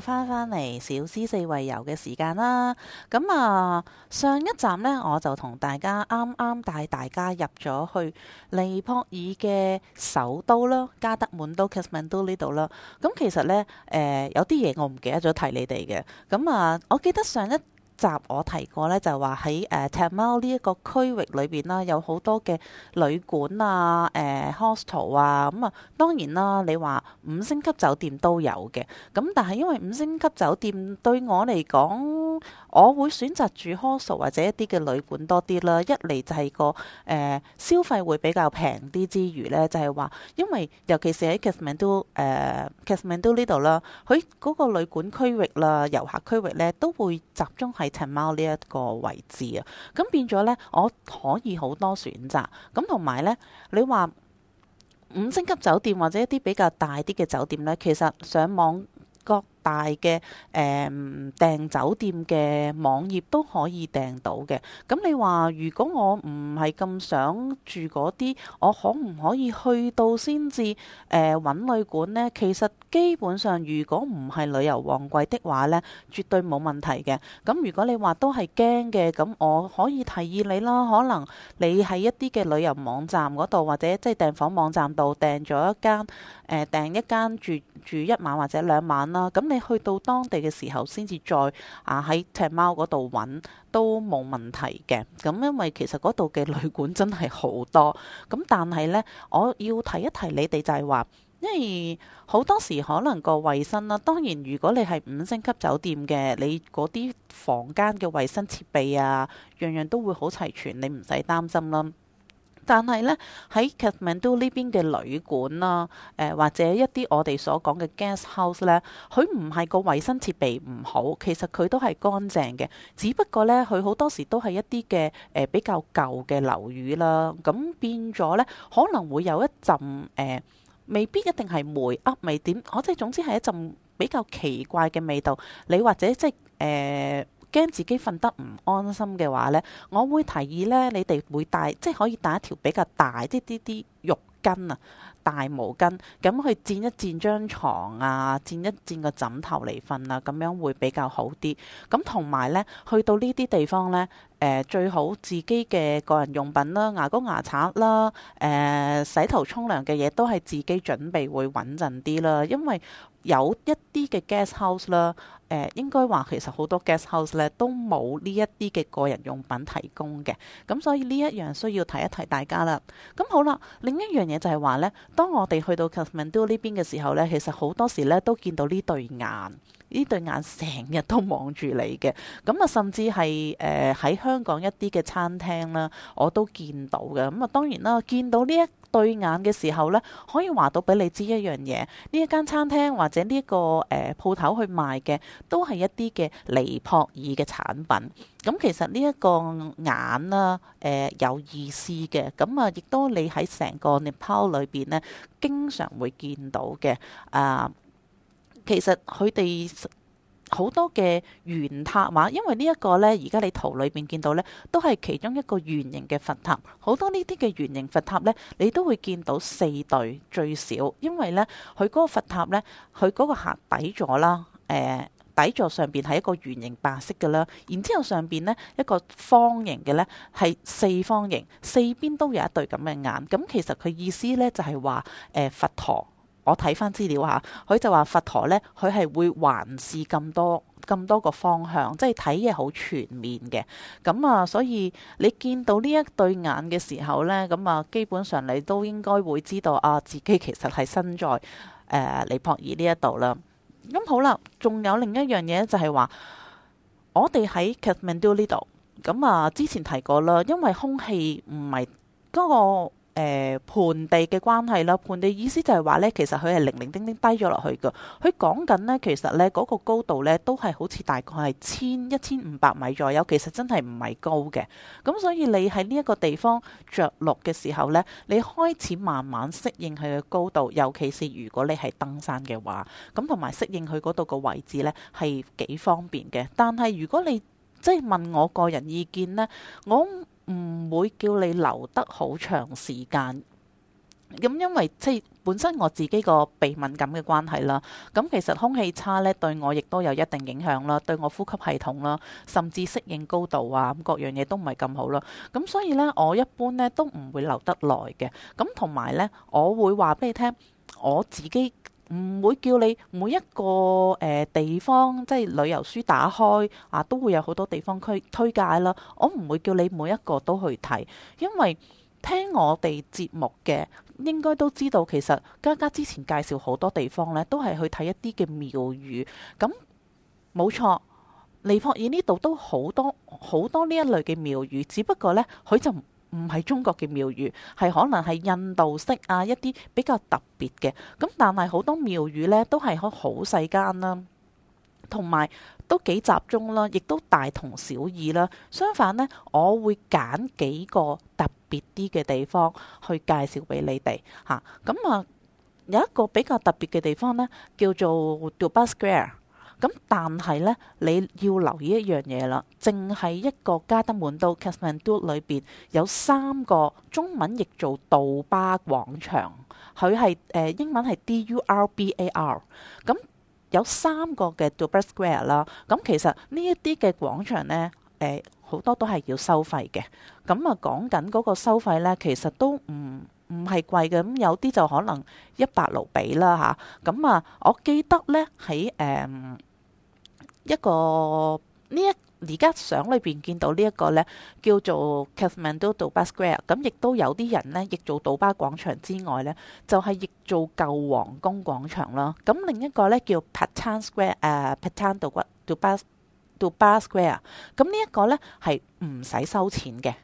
翻翻嚟，小資四圍遊嘅時間啦，咁啊上一站呢，我就同大家啱啱帶大家入咗去尼泊爾嘅首都啦，加德滿都 （Kathmandu） 呢度啦。咁其實呢，誒、呃、有啲嘢我唔記得咗提你哋嘅，咁啊我記得上一集我提過咧，就話喺誒 t a 赤貓呢一個區域裏邊啦，有好多嘅旅館啊，誒、呃、hostel 啊，咁、嗯、啊當然啦，你話五星級酒店都有嘅，咁但係，因為五星級酒店對我嚟講，我會選擇住 hostel 或者一啲嘅旅館多啲啦。一嚟就係個誒、呃、消費會比較平啲之餘咧，就係、是、話，因為尤其是喺 c a s m a n 誒 c a s m a n 呢度啦，佢嗰個旅館區域啦、遊客區域咧，都會集中喺貓呢一個位置啊，咁變咗咧，我可以好多選擇，咁同埋咧，你話五星級酒店或者一啲比較大啲嘅酒店咧，其實上網各。大嘅誒訂酒店嘅網頁都可以訂到嘅。咁你話，如果我唔係咁想住嗰啲，我可唔可以去到先至誒揾旅館咧？其實基本上如果唔係旅遊旺季的話咧，絕對冇問題嘅。咁如果你話都係驚嘅，咁我可以提議你啦。可能你喺一啲嘅旅遊網站嗰度，或者即係訂房網站度訂咗一間誒、呃、訂一間住住一晚或者兩晚啦。咁你。去到當地嘅時候，先至再啊喺隻貓嗰度揾都冇問題嘅。咁因為其實嗰度嘅旅館真係好多。咁但係呢，我要提一提你哋就係話，因為好多時可能個衞生啦。當然，如果你係五星級酒店嘅，你嗰啲房間嘅衞生設備啊，樣樣都會好齊全，你唔使擔心啦。但係呢，喺 Kathmandu 呢邊嘅旅館啦、啊，誒、呃、或者一啲我哋所講嘅 guest house 呢，佢唔係個衞生設備唔好，其實佢都係乾淨嘅，只不過呢，佢好多時都係一啲嘅誒比較舊嘅樓宇啦，咁變咗呢，可能會有一陣誒、呃，未必一定係霉噏味、啊、點，我即係總之係一陣比較奇怪嘅味道，你或者即係誒。呃驚自己瞓得唔安心嘅話呢，我會提議呢：你哋會帶即係可以帶一條比較大啲啲啲浴巾啊、大毛巾，咁去墊一墊張床啊、墊一墊個枕頭嚟瞓啊，咁樣會比較好啲。咁同埋呢，去到呢啲地方呢，誒、呃、最好自己嘅個人用品啦、牙膏牙刷啦、誒、呃、洗頭沖涼嘅嘢都係自己準備會穩陣啲啦，因為，有一啲嘅 guest house 咧、呃，誒應該話其實好多 guest house 咧都冇呢一啲嘅個人用品提供嘅，咁所以呢一樣需要提一提大家啦。咁好啦，另一樣嘢就係話咧，當我哋去到 Kathmandu 呢邊嘅時候咧，其實好多時咧都見到呢對眼。呢對眼成日都望住你嘅，咁啊，甚至係誒喺香港一啲嘅餐廳啦，我都見到嘅。咁啊，當然啦，見到呢一對眼嘅時候呢，可以話到俾你知一樣嘢，呢一間餐廳或者呢、這、一個誒鋪頭去賣嘅，都係一啲嘅尼泊爾嘅產品。咁其實呢一個眼啦，誒、呃、有意思嘅，咁啊，亦都你喺成個 Nepal 裏邊呢，經常會見到嘅啊。呃其實佢哋好多嘅圓塔嘛，因為呢一個呢，而家你圖裏邊見到呢，都係其中一個圓形嘅佛塔。好多呢啲嘅圓形佛塔呢，你都會見到四對最少，因為呢，佢嗰個佛塔呢，佢嗰個下底座啦，誒、呃、底座上邊係一個圓形白色嘅啦，然之後上邊呢，一個方形嘅呢，係四方形，四邊都有一對咁嘅眼。咁、嗯、其實佢意思呢，就係話誒佛堂。我睇翻資料吓，佢就話佛陀呢，佢係會環視咁多咁多個方向，即係睇嘢好全面嘅。咁啊，所以你見到呢一對眼嘅時候呢，咁啊，基本上你都應該會知道啊，自己其實係身在誒、呃、尼泊爾呢一度啦。咁、啊、好啦，仲有另一樣嘢就係話，我哋喺 Kathmandu 呢度，咁啊之前提過啦，因為空氣唔係嗰個。誒盤、呃、地嘅關係啦，盤地意思就係話呢，其實佢係零零丁丁，丁低咗落去嘅。佢講緊呢，其實呢嗰、那個高度呢，都係好似大概係千一千五百米左右，其實真係唔係高嘅。咁所以你喺呢一個地方着落嘅時候呢，你開始慢慢適應佢嘅高度，尤其是如果你係登山嘅話，咁同埋適應佢嗰度嘅位置呢，係幾方便嘅。但係如果你即係問我個人意見呢。我。唔會叫你留得好長時間，咁、嗯、因為即係本身我自己個鼻敏感嘅關係啦。咁、嗯、其實空氣差呢，對我亦都有一定影響啦，對我呼吸系統啦，甚至適應高度啊，咁各樣嘢都唔係咁好啦。咁、嗯、所以呢，我一般呢都唔會留得耐嘅。咁同埋呢，我會話俾你聽，我自己。唔會叫你每一個誒、呃、地方，即係旅遊書打開啊，都會有好多地方推推介啦。我唔會叫你每一個都去睇，因為聽我哋節目嘅應該都知道，其實嘉嘉之前介紹好多地方呢，都係去睇一啲嘅廟宇。咁冇錯，尼泊爾呢度都好多好多呢一類嘅廟宇，只不過呢，佢就。唔係中國嘅廟宇，係可能係印度式啊，一啲比較特別嘅咁。但係好多廟宇呢，都係可好細間啦，同埋都幾集中啦，亦都大同小異啦。相反呢，我會揀幾個特別啲嘅地方去介紹俾你哋吓。咁啊，啊，有一個比較特別嘅地方呢，叫做杜巴 Square。咁但係呢，你要留意一樣嘢啦，淨係一個加德滿都 Kathmandu 裏邊有三個中文譯做杜巴廣場，佢係誒英文係 D U R B A R，咁、嗯、有三個嘅 Durbar Square 啦。咁其實呢一啲嘅廣場呢，誒、呃、好多都係要收費嘅。咁、嗯、啊，講緊嗰個收費呢，其實都唔唔係貴嘅。咁、嗯、有啲就可能一百盧比啦嚇。咁啊、嗯、啊，我記得呢喺誒。一個呢一而家相裏邊見到呢一個呢，叫做 Kathmandu Durbar Square，咁亦都有啲人呢，亦做杜巴廣場之外呢，就係、是、亦做舊皇宮廣場啦。咁另一個呢，叫 Patan Square，誒、uh, Patan Durbar Durbar Square，咁呢一個呢，係唔使收錢嘅。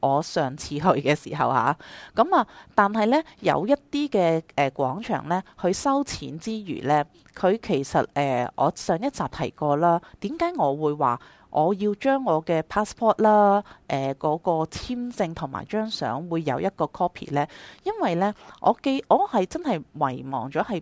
我上次去嘅時候嚇，咁啊，但係咧有一啲嘅誒廣場咧，佢收錢之餘咧，佢其實誒、呃、我上一集提過啦。點解我會話我要將我嘅 passport 啦，誒、呃、嗰、那個簽證同埋張相會有一個 copy 呢？因為呢，我記我係真係遺忘咗係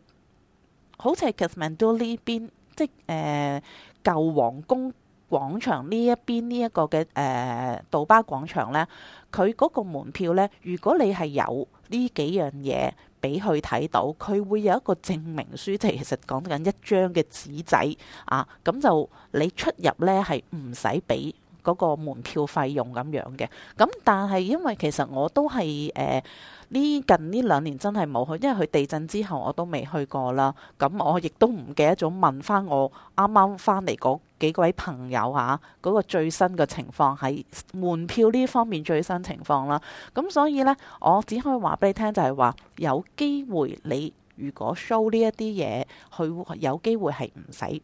好似喺 Kathmandu 呢邊，即係誒、呃、舊皇宮。廣場呢一邊呢一個嘅誒、呃、杜巴廣場呢，佢嗰個門票呢，如果你係有呢幾樣嘢俾佢睇到，佢會有一個證明書，其實講緊一張嘅紙仔啊。咁就你出入呢係唔使俾嗰個門票費用咁樣嘅。咁但係因為其實我都係誒呢近呢兩年真係冇去，因為佢地震之後我都未去過啦。咁我亦都唔記得咗問翻我啱啱翻嚟嗰幾位朋友嚇、啊，嗰、那個最新嘅情況，喺門票呢方面最新情況啦。咁所以呢，我只可以話俾你聽，就係話有機會你如果 show 呢一啲嘢，佢有機會係唔使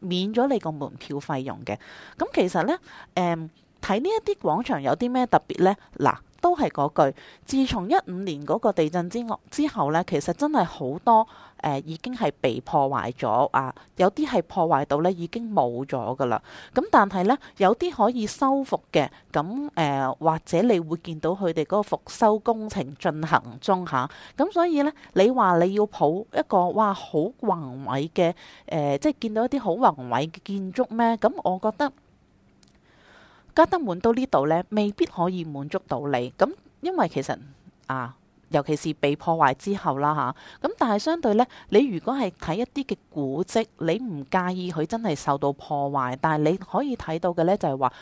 免咗你個門票費用嘅。咁其實呢，誒睇呢一啲廣場有啲咩特別呢？嗱。都係嗰句，自從一五年嗰個地震之之後呢，其實真係好多誒、呃、已經係被破壞咗啊！有啲係破壞到呢，已經冇咗噶啦。咁、嗯、但係呢，有啲可以修復嘅，咁、嗯、誒、呃、或者你會見到佢哋嗰個復修工程進行中嚇。咁、啊嗯、所以呢，你話你要抱一個哇好宏偉嘅誒，即係見到一啲好宏偉嘅建築咩？咁、嗯、我覺得。加德滿都呢度呢，未必可以滿足到你。咁，因為其實啊，尤其是被破壞之後啦吓。咁、啊、但係相對呢，你如果係睇一啲嘅古蹟，你唔介意佢真係受到破壞，但係你可以睇到嘅呢，就係話，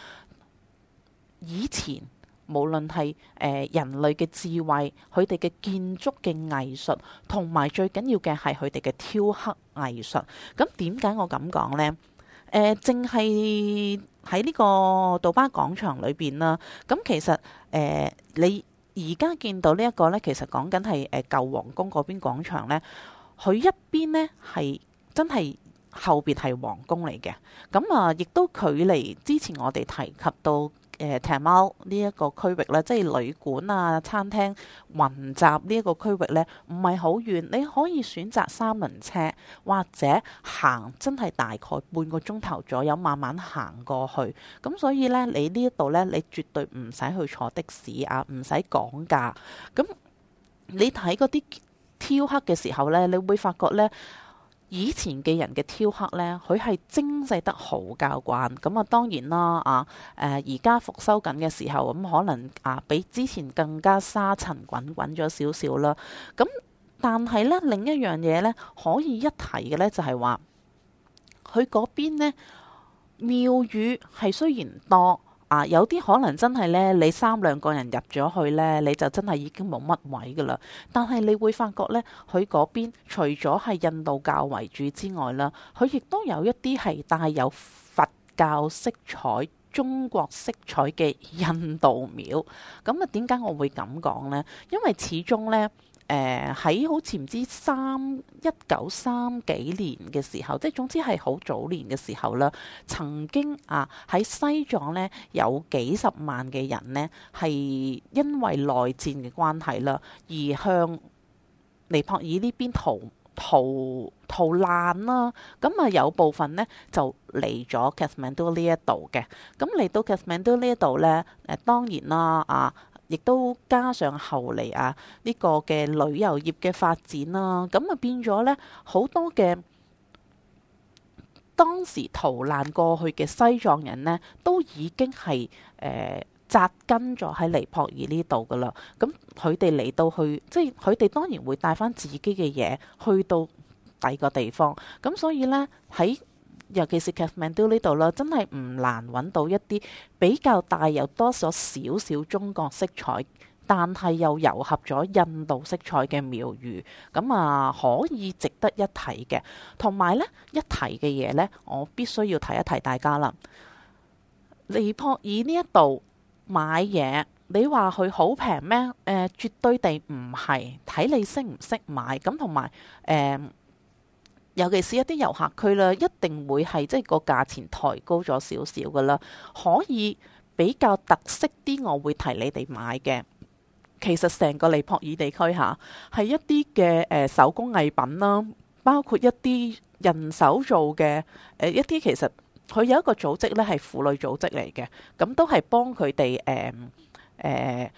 以前無論係誒、呃、人類嘅智慧，佢哋嘅建築嘅藝術，同埋最緊要嘅係佢哋嘅雕刻藝術。咁點解我咁講呢？誒，淨係喺呢個杜巴廣場裏邊啦。咁、嗯、其實誒、呃，你而家見到呢一個呢，其實講緊係誒舊皇宮嗰邊廣場呢，佢一邊呢，係真係後邊係皇宮嚟嘅。咁、嗯、啊，亦都距離之前我哋提及到。誒，泰貓呢一個區域咧，即係旅館啊、餐廳雲集呢一個區域呢，唔係好遠，你可以選擇三輪車或者行，真係大概半個鐘頭左右，慢慢行過去。咁所以呢，你呢度呢，你絕對唔使去坐的士啊，唔使講價。咁你睇嗰啲雕刻嘅時候呢，你會發覺呢。以前嘅人嘅雕刻呢，佢係精細得好教慣，咁啊當然啦啊，誒而家復修緊嘅時候，咁、嗯、可能啊比之前更加沙塵滾滾咗少少啦。咁、嗯、但係呢，另一樣嘢呢，可以一提嘅呢，就係、是、話，佢嗰邊呢廟宇係雖然多。啊，有啲可能真係呢，你三兩個人入咗去呢，你就真係已經冇乜位噶啦。但係你會發覺呢，佢嗰邊除咗係印度教為主之外啦，佢亦都有一啲係帶有佛教色彩、中國色彩嘅印度廟。咁、嗯、啊，點解我會咁講呢？因為始終呢。誒喺、呃、好似唔知三一九三幾年嘅時候，即係總之係好早年嘅時候啦，曾經啊喺西藏呢，有幾十萬嘅人呢，係因為內戰嘅關係啦而向尼泊爾呢邊逃逃逃難啦，咁啊有部分呢，就嚟咗 Kathmandu 呢一度嘅，咁、啊、嚟到 Kathmandu 呢一度呢，誒、啊、當然啦啊～亦都加上後嚟啊，呢個嘅旅遊業嘅發展啦，咁啊變咗呢好多嘅當時逃難過去嘅西藏人呢，都已經係、呃、扎根咗喺尼泊爾呢度噶啦。咁佢哋嚟到去，即係佢哋當然會帶翻自己嘅嘢去到第二個地方。咁所以呢，喺尤其是 Kathmandu 呢度啦，真係唔難揾到一啲比較大有多咗少，少少中國色彩，但係又糅合咗印度色彩嘅廟宇。咁啊可以值得一提嘅。同埋呢，一提嘅嘢呢，我必須要提一提大家啦。尼泊爾呢一度買嘢，你話佢好平咩？誒、呃，絕對地唔係，睇你識唔識買。咁同埋誒。呃尤其是一啲遊客區啦，一定會係即係個價錢抬高咗少少噶啦，可以比較特色啲，我會提你哋買嘅。其實成個尼泊爾地區吓係一啲嘅誒手工藝品啦，包括一啲人手做嘅誒、呃、一啲其實佢有一個組織呢，係婦女組織嚟嘅，咁都係幫佢哋誒誒，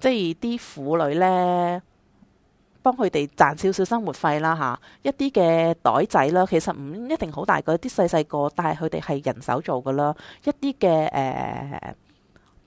即係啲婦女呢。幫佢哋賺少少生活費啦嚇，一啲嘅袋仔啦，其實唔一定好大個，一啲細細個，但係佢哋係人手做㗎啦，一啲嘅誒。呃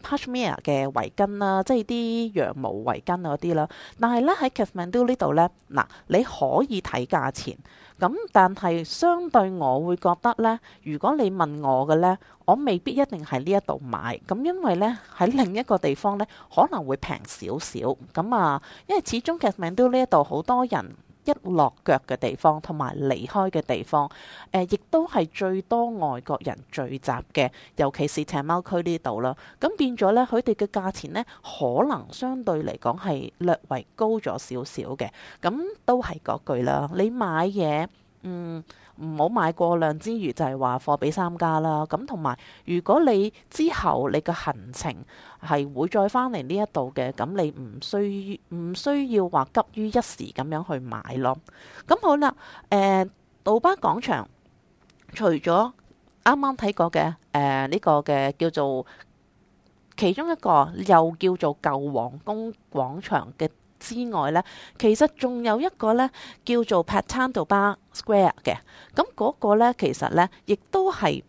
Cashmere 嘅圍巾啦，即係啲羊毛圍巾嗰啲啦。但係咧喺 Kathmandu 呢度咧，嗱你可以睇價錢。咁但係相對我會覺得咧，如果你問我嘅咧，我未必一定喺呢一度買。咁因為咧喺另一個地方咧可能會平少少。咁啊，因為始終 Kathmandu 呢一度好多人。一落腳嘅地方同埋離開嘅地方，誒、呃，亦都係最多外國人聚集嘅，尤其是赤貓、erm、區呢度啦。咁變咗呢，佢哋嘅價錢呢，可能相對嚟講係略為高咗少少嘅。咁都係嗰句啦，你買嘢，嗯。唔好買過量之餘，就係話貨比三家啦。咁同埋，如果你之後你嘅行程係會再返嚟呢一度嘅，咁你唔需唔需要話急於一時咁樣去買咯。咁好啦，誒、呃、杜巴廣場除咗啱啱睇過嘅，誒、呃、呢、這個嘅叫做其中一個又叫做舊皇宮廣場嘅。之外呢，其實仲有一個呢，叫做 Patan 杜巴 Square 嘅。咁、嗯、嗰、那個咧，其實呢，亦都係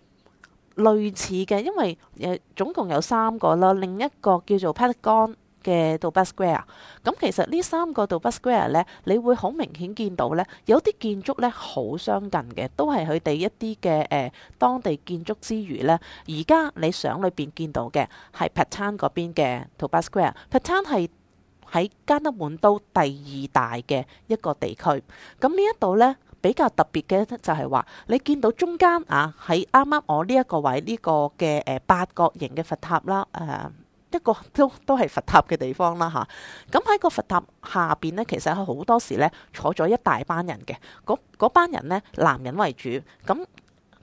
類似嘅，因為誒、呃、總共有三個啦。另一個叫做 Patagon 嘅杜巴 Square、嗯。咁其實呢三個杜巴 Square 呢，你會好明顯見到呢，有啲建築呢，好相近嘅，都係佢哋一啲嘅誒當地建築之餘呢，而家你相裏邊見到嘅係 Patan 嗰邊嘅杜巴 Square。Patan 喺加德滿都第二大嘅一個地區，咁呢一度呢比較特別嘅就係話，你見到中間啊喺啱啱我呢一個位呢、呢個嘅誒、呃、八角形嘅佛塔啦，誒、呃、一個都都係佛塔嘅地方啦吓，咁、啊、喺個佛塔下邊呢，其實係好多時呢坐咗一大班人嘅，嗰班人呢，男人為主，咁。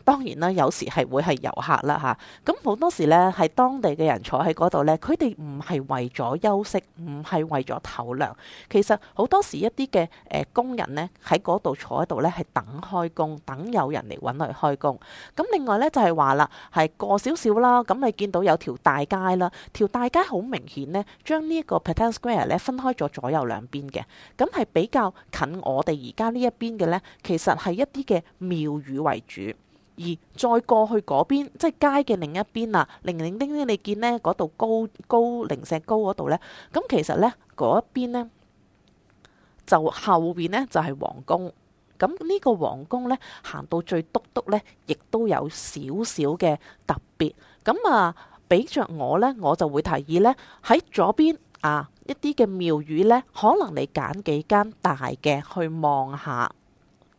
當然啦，有時係會係遊客啦嚇。咁、啊、好多時咧係當地嘅人坐喺嗰度咧，佢哋唔係為咗休息，唔係為咗唞涼。其實好多時一啲嘅誒工人咧喺嗰度坐喺度咧係等開工，等有人嚟搵佢開工。咁另外咧就係話啦，係過少少啦。咁你見到有條大街啦，條大街好明顯咧，將呢一個 Patan Square 咧分開咗左右兩邊嘅。咁係比較近我哋而家呢一邊嘅咧，其實係一啲嘅廟宇為主。而再過去嗰邊，即係街嘅另一邊啊！零零丁丁，你見呢嗰度高高靈石高嗰度呢。咁其實呢嗰一邊呢，就後邊呢，就係皇宮。咁呢個皇宮呢，行到最篤篤呢，亦都有少少嘅特別。咁啊，俾着我呢，我就會提議呢，喺左邊啊一啲嘅廟宇呢，可能你揀幾間大嘅去望下，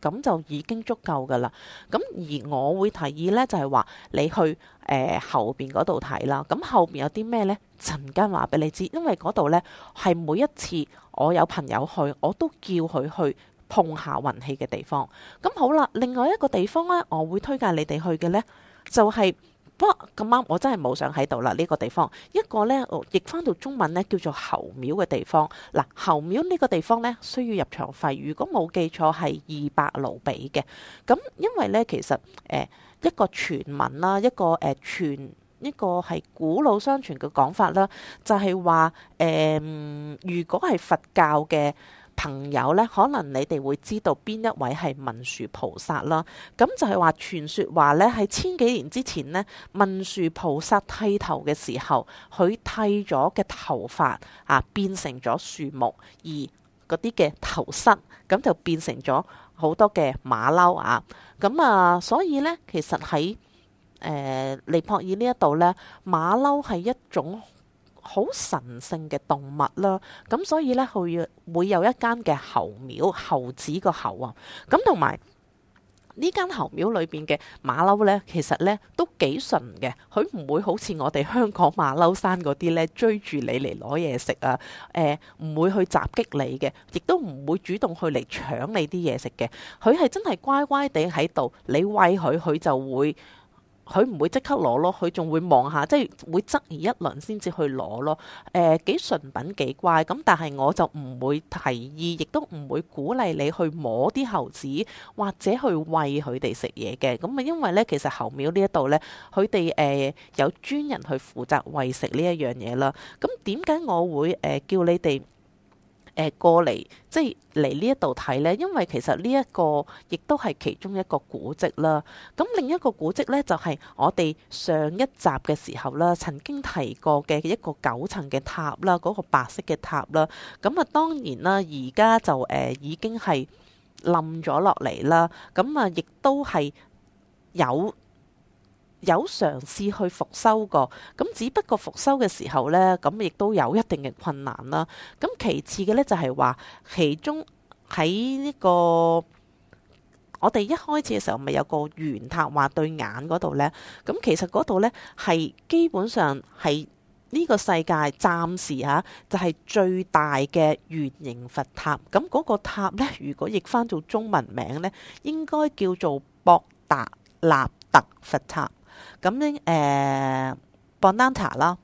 咁就已經足夠噶啦。咁而我會提議呢，就係話你去誒、呃、後邊嗰度睇啦。咁後邊有啲咩呢？陣間話俾你知，因為嗰度呢，係每一次我有朋友去，我都叫佢去碰下運氣嘅地方。咁好啦，另外一個地方呢，我會推介你哋去嘅呢，就係。不過咁啱，我真係冇想喺度啦呢個地方。一個咧，譯、哦、翻到中文咧叫做猴廟嘅地方。嗱，猴廟呢個地方咧，需要入場費，如果冇記錯係二百盧比嘅。咁因為咧，其實誒一個傳聞啦，一個誒傳一個係、呃、古老相傳嘅講法啦，就係話誒，如果係佛教嘅。朋友咧，可能你哋會知道邊一位係文殊菩薩啦。咁就係話傳説話咧，喺千幾年之前呢，文殊菩薩剃頭嘅時候，佢剃咗嘅頭髮啊變成咗樹木，而嗰啲嘅頭虱咁就變成咗好多嘅馬騮啊。咁啊，所以咧，其實喺誒尼泊爾呢一度咧，馬騮係一種，好神聖嘅動物啦，咁所以呢，佢要會有一間嘅猴廟，猴子個猴啊，咁同埋呢間猴廟裏邊嘅馬騮呢，其實呢都幾純嘅，佢唔會好似我哋香港馬騮山嗰啲呢，追住你嚟攞嘢食啊，誒、呃、唔會去襲擊你嘅，亦都唔會主動去嚟搶你啲嘢食嘅，佢係真係乖乖地喺度，你餵佢，佢就會。佢唔會即刻攞咯，佢仲會望下，即係會質疑一輪先至去攞咯。誒、呃、幾純品幾乖咁，但係我就唔會提議，亦都唔會鼓勵你去摸啲猴子或者去餵佢哋食嘢嘅。咁啊，因為呢，其實猴廟呢一度呢，佢哋誒有專人去負責餵食呢一樣嘢啦。咁點解我會誒、呃、叫你哋？誒過嚟，即係嚟呢一度睇呢，因為其實呢一個亦都係其中一個古蹟啦。咁另一個古蹟呢，就係我哋上一集嘅時候啦，曾經提過嘅一個九層嘅塔啦，嗰個白色嘅塔啦。咁啊，當然啦，而家就誒已經係冧咗落嚟啦。咁啊，亦都係有有嘗試去復修過，咁只不過復修嘅時候呢，咁亦都有一定嘅困難啦。咁其次嘅呢，就係話，其中喺呢個我哋一開始嘅時候，咪有個圓塔，話對眼嗰度呢。咁其實嗰度呢，係基本上係呢個世界暫時嚇就係最大嘅圓形佛塔。咁嗰個塔呢，如果譯翻做中文名呢，應該叫做博達納特佛塔。咁咧，誒，磅單查啦。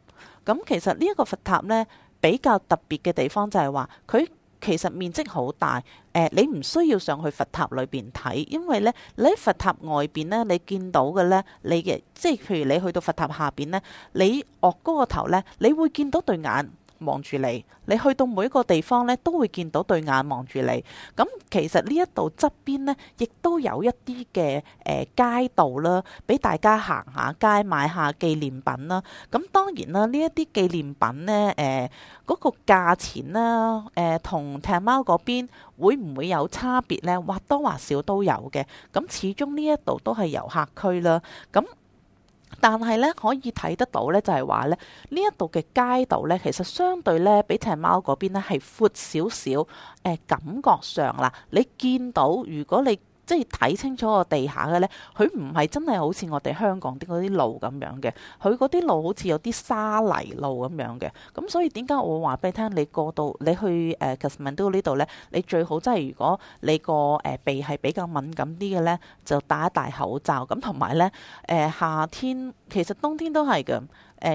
咁、bon、其實呢一個佛塔咧，比較特別嘅地方就係話，佢其實面積好大。誒、呃，你唔需要上去佛塔裏邊睇，因為咧，你喺佛塔外邊咧，你見到嘅咧，你嘅即係譬如你去到佛塔下邊咧，你岳高個頭咧，你會見到對眼。望住你，你去到每一個地方咧，都會見到對眼望住你。咁、嗯、其實呢一度側邊呢，亦都有一啲嘅誒街道啦，俾大家行下街買下紀念品啦。咁、嗯、當然啦，呢一啲紀念品呢，誒、呃、嗰、嗰個價錢啦，誒、呃、同踢貓嗰邊會唔會有差別呢？或多或少都有嘅。咁、嗯、始終呢一度都係遊客區啦。咁、嗯但係咧，可以睇得到咧，就係話咧，呢一度嘅街道咧，其實相對咧，比長貓嗰邊咧係闊少少，誒、呃、感覺上啦，你見到如果你。即係睇清楚個地下嘅咧，佢唔係真係好似我哋香港啲嗰啲路咁樣嘅，佢嗰啲路好似有啲沙泥路咁樣嘅。咁所以點解我話俾你聽，你過到你去誒 Kathmandu 呢度咧，你最好真係如果你個誒鼻係比較敏感啲嘅咧，就戴一戴口罩。咁同埋咧誒夏天，其實冬天都係嘅。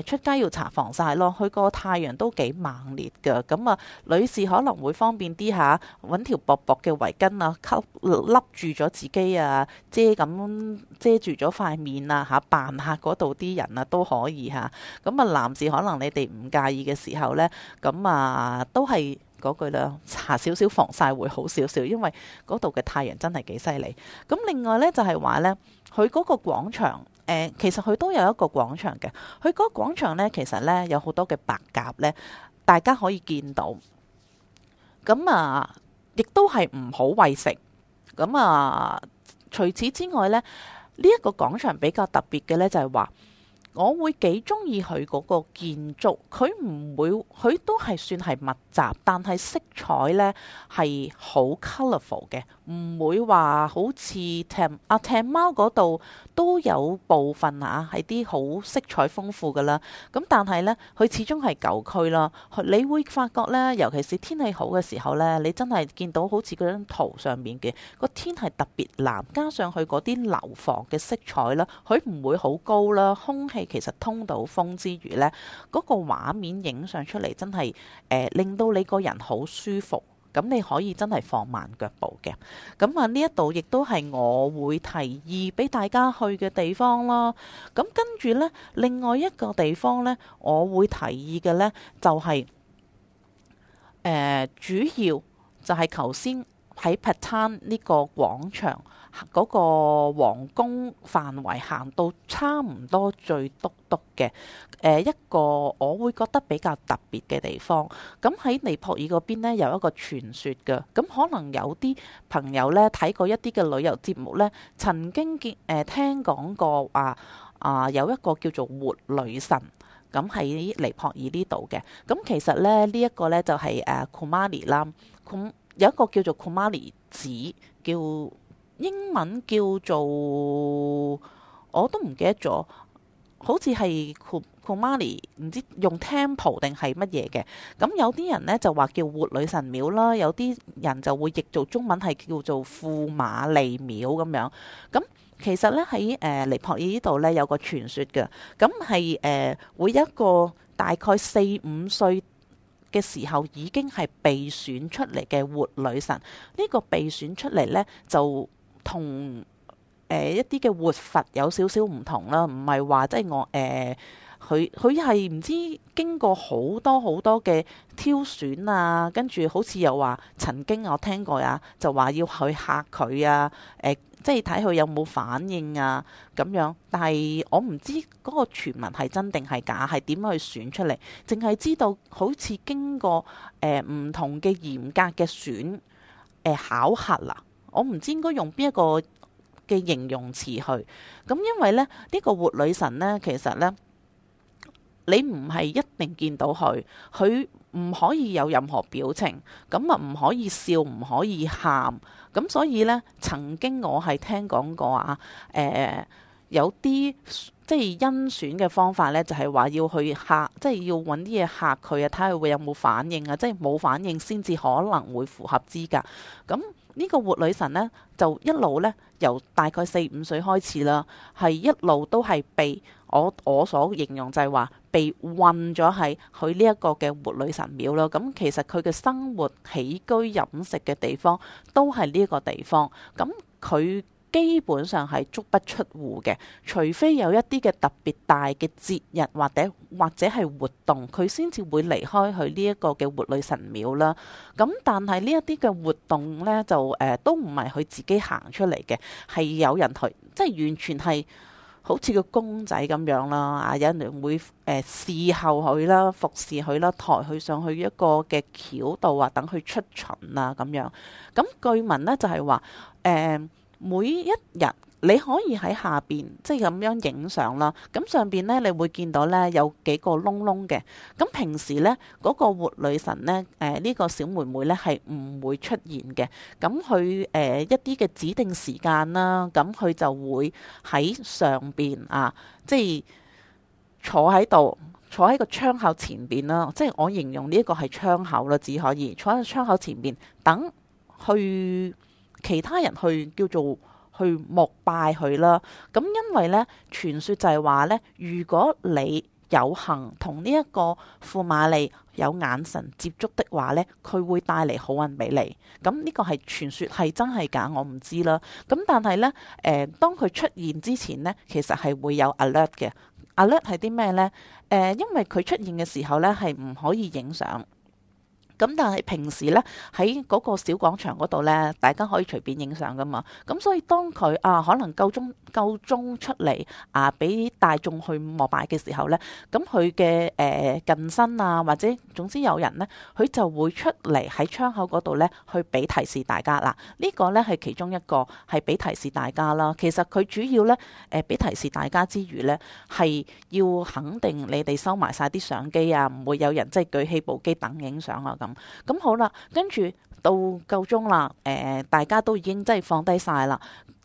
出街要搽防晒咯，佢個太陽都幾猛烈㗎，咁啊女士可能會方便啲吓，揾、啊、條薄薄嘅圍巾啊，吸笠住咗自己啊，遮咁遮住咗塊面啊，吓、啊、扮下嗰度啲人啊都可以吓，咁啊男士可能你哋唔介意嘅時候呢，咁啊都係嗰句啦，搽少少防晒會好少少，因為嗰度嘅太陽真係幾犀利。咁另外呢，就係、是、話呢，佢嗰個廣場。誒，其實佢都有一個廣場嘅，佢嗰廣場呢，其實呢，有好多嘅白鴿呢，大家可以見到。咁啊，亦都係唔好喂食。咁啊，除此之外呢，呢、這、一個廣場比較特別嘅呢，就係、是、話，我會幾中意佢嗰個建築，佢唔會，佢都係算係密集，但係適。色彩咧係好 colorful 嘅，唔會話好似 ting 阿 ting 貓度都有部分啊，係啲好色彩豐富噶啦咁但係咧，佢始終係舊區啦。你會發覺咧，尤其是天氣好嘅時候咧，你真係見到好似張圖上面嘅，個天係特別藍，加上佢嗰啲樓房嘅色彩啦，佢唔會好高啦。空氣其實通到風之餘咧，嗰個畫面影相出嚟真係誒、呃、令到你個人好舒。舒服，咁你可以真係放慢腳步嘅。咁啊，呢一度亦都係我會提議俾大家去嘅地方咯。咁跟住咧，另外一個地方咧，我會提議嘅咧，就係、是、誒、呃、主要就係頭先喺 Patan 呢個廣場。嗰個皇宮範圍行到差唔多最篤篤嘅誒一個，我會覺得比較特別嘅地方。咁喺尼泊爾嗰邊呢，有一個傳說嘅咁，可能有啲朋友呢睇過一啲嘅旅遊節目呢，曾經見誒、呃、聽講過話啊、呃、有一個叫做活女神，咁喺尼泊爾呢度嘅咁，其實呢，呢、這、一個呢就係、是、誒、啊、庫瑪尼啦，有一個叫做庫瑪莉寺叫。英文叫做我都唔記得咗，好似係庫庫瑪莉唔知用 temple 定係乜嘢嘅。咁、嗯、有啲人咧就話叫活女神廟啦，有啲人就會譯做中文係叫做庫瑪莉廟咁樣，咁、嗯、其實咧喺誒尼泊爾呢度咧有個傳說嘅，咁係誒會一個大概四五歲嘅時候已經係被選出嚟嘅活女神。呢、呢個被選出嚟咧就同誒，呃、一啲嘅活佛有少少唔同啦，唔係話即係我誒佢佢係唔知經過好多好多嘅挑選啊，跟住好似又話曾經我聽過啊，就話要去嚇佢啊，誒、呃、即係睇佢有冇反應啊咁樣，但係我唔知嗰個傳聞係真定係假，係點樣去選出嚟？淨係知道好似經過誒唔、呃、同嘅嚴格嘅選誒、呃、考核啦。我唔知應該用邊一個嘅形容詞去咁，因為咧、呢、呢個活女神呢，其實呢，你唔係一定見到佢，佢唔可以有任何表情，咁啊唔可以笑，唔可以喊，咁所以呢，曾經我係聽講過啊，誒、呃、有啲即係甄選嘅方法呢，就係、是、話要去吓，即係要揾啲嘢吓佢啊，睇下會有冇反應啊，即係冇反應先至可能會符合資格咁。呢個活女神呢，就一路呢，由大概四五歲開始啦，係一路都係被我我所形容就係話被困咗喺佢呢一個嘅活女神廟咯。咁，嗯，其實佢嘅生活起居飲食嘅地方都係呢個地方，咁，嗯，佢。基本上係足不出戶嘅，除非有一啲嘅特別大嘅節日或，或者或者係活動，佢先至會離開佢呢一個嘅活女神廟啦。咁但係呢一啲嘅活動呢，就誒、呃、都唔係佢自己行出嚟嘅，係有人去，即係完全係好似個公仔咁樣啦。有人會誒侍候佢啦，服侍佢啦，抬佢上去一個嘅轎度啊，等佢出巡啊咁樣。咁據聞呢，就係話誒。呃每一日你可以喺下邊即係咁樣影相啦，咁上邊呢，你會見到呢有幾個窿窿嘅。咁平時呢嗰個活女神呢，誒呢個小妹妹呢，係唔會出現嘅。咁佢誒一啲嘅指定時間啦，咁佢就會喺上邊啊，即係坐喺度，坐喺個窗口前邊啦。即係我形容呢一個係窗口啦，只可以坐喺窗口前邊等去。其他人去叫做去膜拜佢啦，咁、嗯、因為咧傳說就係話咧，如果你有幸同呢一個庫瑪莉有眼神接觸的話咧，佢會帶嚟好運俾你。咁呢個係傳說係真係假的，我唔知啦。咁、嗯、但係咧，誒、呃、當佢出現之前咧，其實係會有 alert 嘅 alert 係啲咩咧？誒、呃、因為佢出現嘅時候咧係唔可以影相。咁但係平時咧喺嗰個小廣場度咧，大家可以隨便影相噶嘛。咁所以當佢啊可能夠鐘夠鐘出嚟啊，俾大眾去膜拜嘅時候咧，咁佢嘅誒近身啊，或者總之有人咧，佢就會出嚟喺窗口度咧，去俾提示大家啦。這個、呢個咧係其中一個係俾提示大家啦。其實佢主要咧誒俾提示大家之餘咧，係要肯定你哋收埋晒啲相機啊，唔會有人即係舉起部機等影相啊咁。咁、嗯、好啦，跟住到夠鐘啦，誒、呃，大家都已經即係放低晒啦，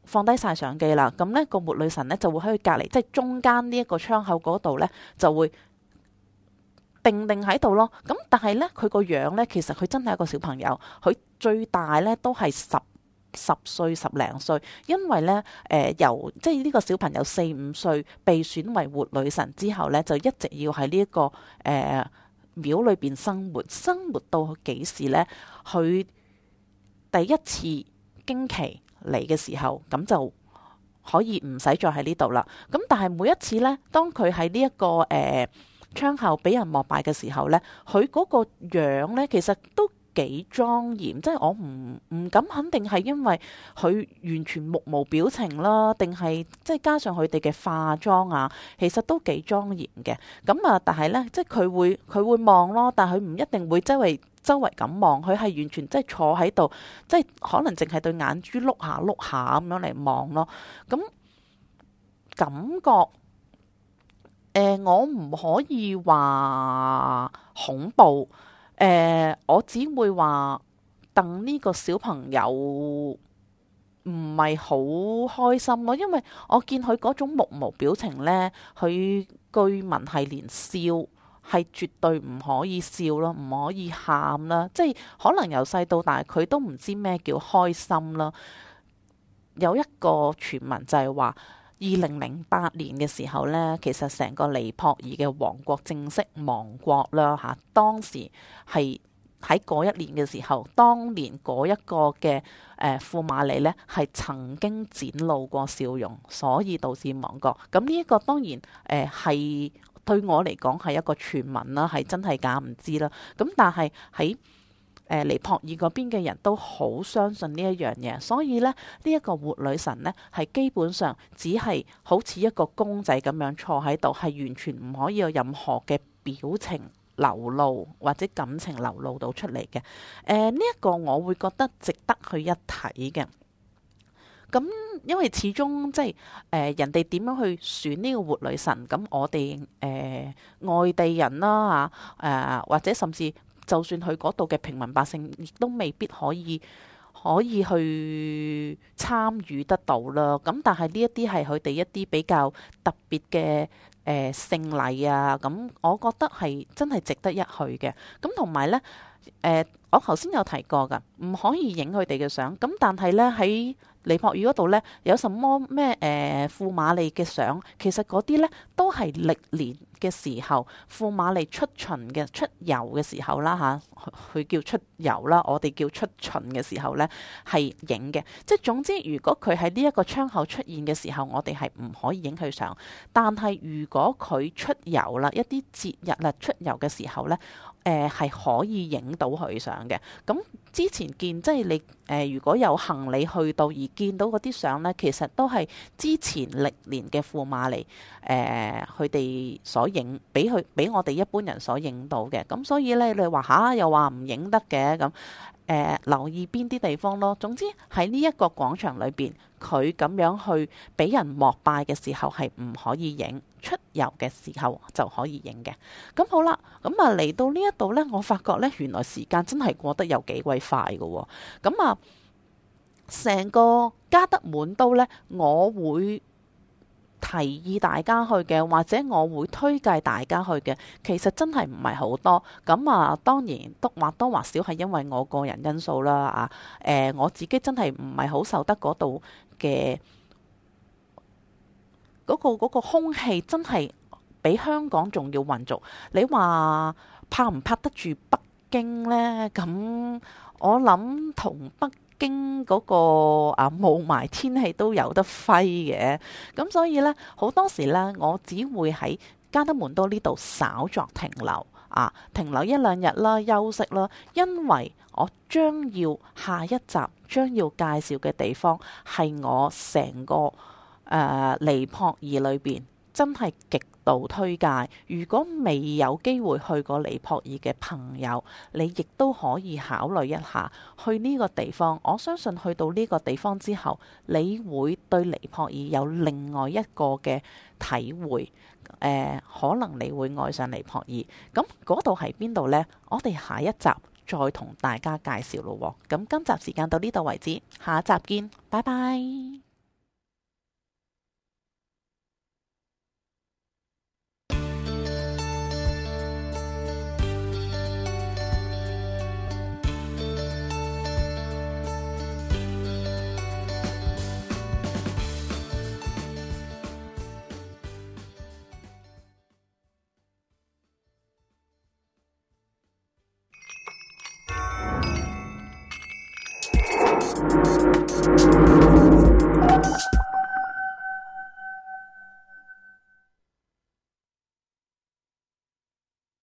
放低晒相機啦。咁呢個活女神呢，就會喺佢隔籬，即係中間呢一個窗口嗰度呢，就會定定喺度咯。咁但係呢，佢個樣呢，其實佢真係一個小朋友，佢最大呢，都係十十歲十零歲，因為呢，誒、呃、由即係呢個小朋友四五歲被選為活女神之後呢，就一直要喺呢一個誒。呃廟裏邊生活，生活到幾時呢？佢第一次經期嚟嘅時候，咁就可以唔使再喺呢度啦。咁但係每一次呢，當佢喺呢一個誒、呃、窗口俾人膜拜嘅時候呢，佢嗰個樣呢，其實都～幾莊嚴，即係我唔唔敢肯定係因為佢完全目無表情啦，定係即係加上佢哋嘅化妝啊，其實都幾莊嚴嘅。咁啊，但係呢，即係佢會佢會望咯，但係佢唔一定會周圍周圍咁望，佢係完全即係坐喺度，即係可能淨係對眼珠碌下碌下咁樣嚟望咯。咁感覺，呃，我唔可以話恐怖。誒、呃，我只會話等呢個小朋友唔係好開心咯，因為我見佢嗰種目無表情呢，佢據聞係連笑係絕對唔可以笑咯，唔可以喊啦，即係可能由細到大佢都唔知咩叫開心啦。有一個傳聞就係話。二零零八年嘅時候呢，其實成個尼泊爾嘅王國正式亡國啦嚇。當時係喺嗰一年嘅時候，當年嗰一個嘅誒庫瑪莉呢，係、呃、曾經展露過笑容，所以導致亡國。咁呢一個當然誒係、呃、對我嚟講係一個傳聞啦，係真係假唔知啦。咁、嗯、但係喺誒尼泊爾嗰邊嘅人都好相信呢一樣嘢，所以咧呢一，這個活女神呢，係基本上只係好似一個公仔咁樣坐喺度，係完全唔可以有任何嘅表情流露或者感情流露到出嚟嘅。誒呢一個我會覺得值得去一睇嘅。咁因為始終即係誒、呃、人哋點樣去選呢個活女神，咁我哋誒、呃、外地人啦嚇誒或者甚至。就算去嗰度嘅平民百姓，亦都未必可以可以去參與得到啦。咁但係呢一啲係佢哋一啲比較特別嘅誒盛禮啊。咁、嗯、我覺得係真係值得一去嘅。咁同埋咧。誒、呃，我頭先有提過㗎，唔可以影佢哋嘅相。咁但係呢，喺尼泊爾嗰度呢，有什麼咩誒、庫、呃、瑪莉嘅相，其實嗰啲呢，都係歷年嘅時候，庫瑪莉出巡嘅出遊嘅時候啦吓，佢、啊、叫出遊啦，我哋叫出巡嘅時候呢，係影嘅。即係總之，如果佢喺呢一個窗口出現嘅時候，我哋係唔可以影佢相。但係如果佢出遊啦，一啲節日啦出遊嘅時候呢。誒係、呃、可以影到佢相嘅，咁、嗯、之前見即係你誒、呃、如果有行李去到而見到嗰啲相呢，其實都係之前歷年嘅庫瑪莉誒佢哋所影，俾佢俾我哋一般人所影到嘅。咁、嗯、所以呢，你話嚇、啊、又話唔影得嘅咁誒，留意邊啲地方咯。總之喺呢一個廣場裏邊，佢咁樣去俾人膜拜嘅時候係唔可以影。出遊嘅時候就可以影嘅，咁好啦。咁啊嚟到呢一度呢，我發覺呢，原來時間真係過得有幾鬼快㗎喎。咁啊，成個加德滿都呢，我會提議大家去嘅，或者我會推介大家去嘅，其實真係唔係好多。咁啊，當然都或多或少係因為我個人因素啦。啊，誒，呃，我自己真係唔係好受得嗰度嘅。嗰個嗰個空氣真係比香港仲要混濁，你話拍唔拍得住北京呢？咁我諗同北京嗰個啊霧霾天氣都有得揮嘅，咁所以呢，好多時呢，我只會喺加德滿都呢度稍作停留啊，停留一兩日啦，休息啦，因為我將要下一集將要介紹嘅地方係我成個。誒、呃、尼泊爾裏邊真係極度推介。如果未有機會去過尼泊爾嘅朋友，你亦都可以考慮一下去呢個地方。我相信去到呢個地方之後，你會對尼泊爾有另外一個嘅體會。誒、呃，可能你會愛上尼泊爾。咁嗰度係邊度呢？我哋下一集再同大家介紹咯。咁今集時間到呢度為止，下一集見，拜拜。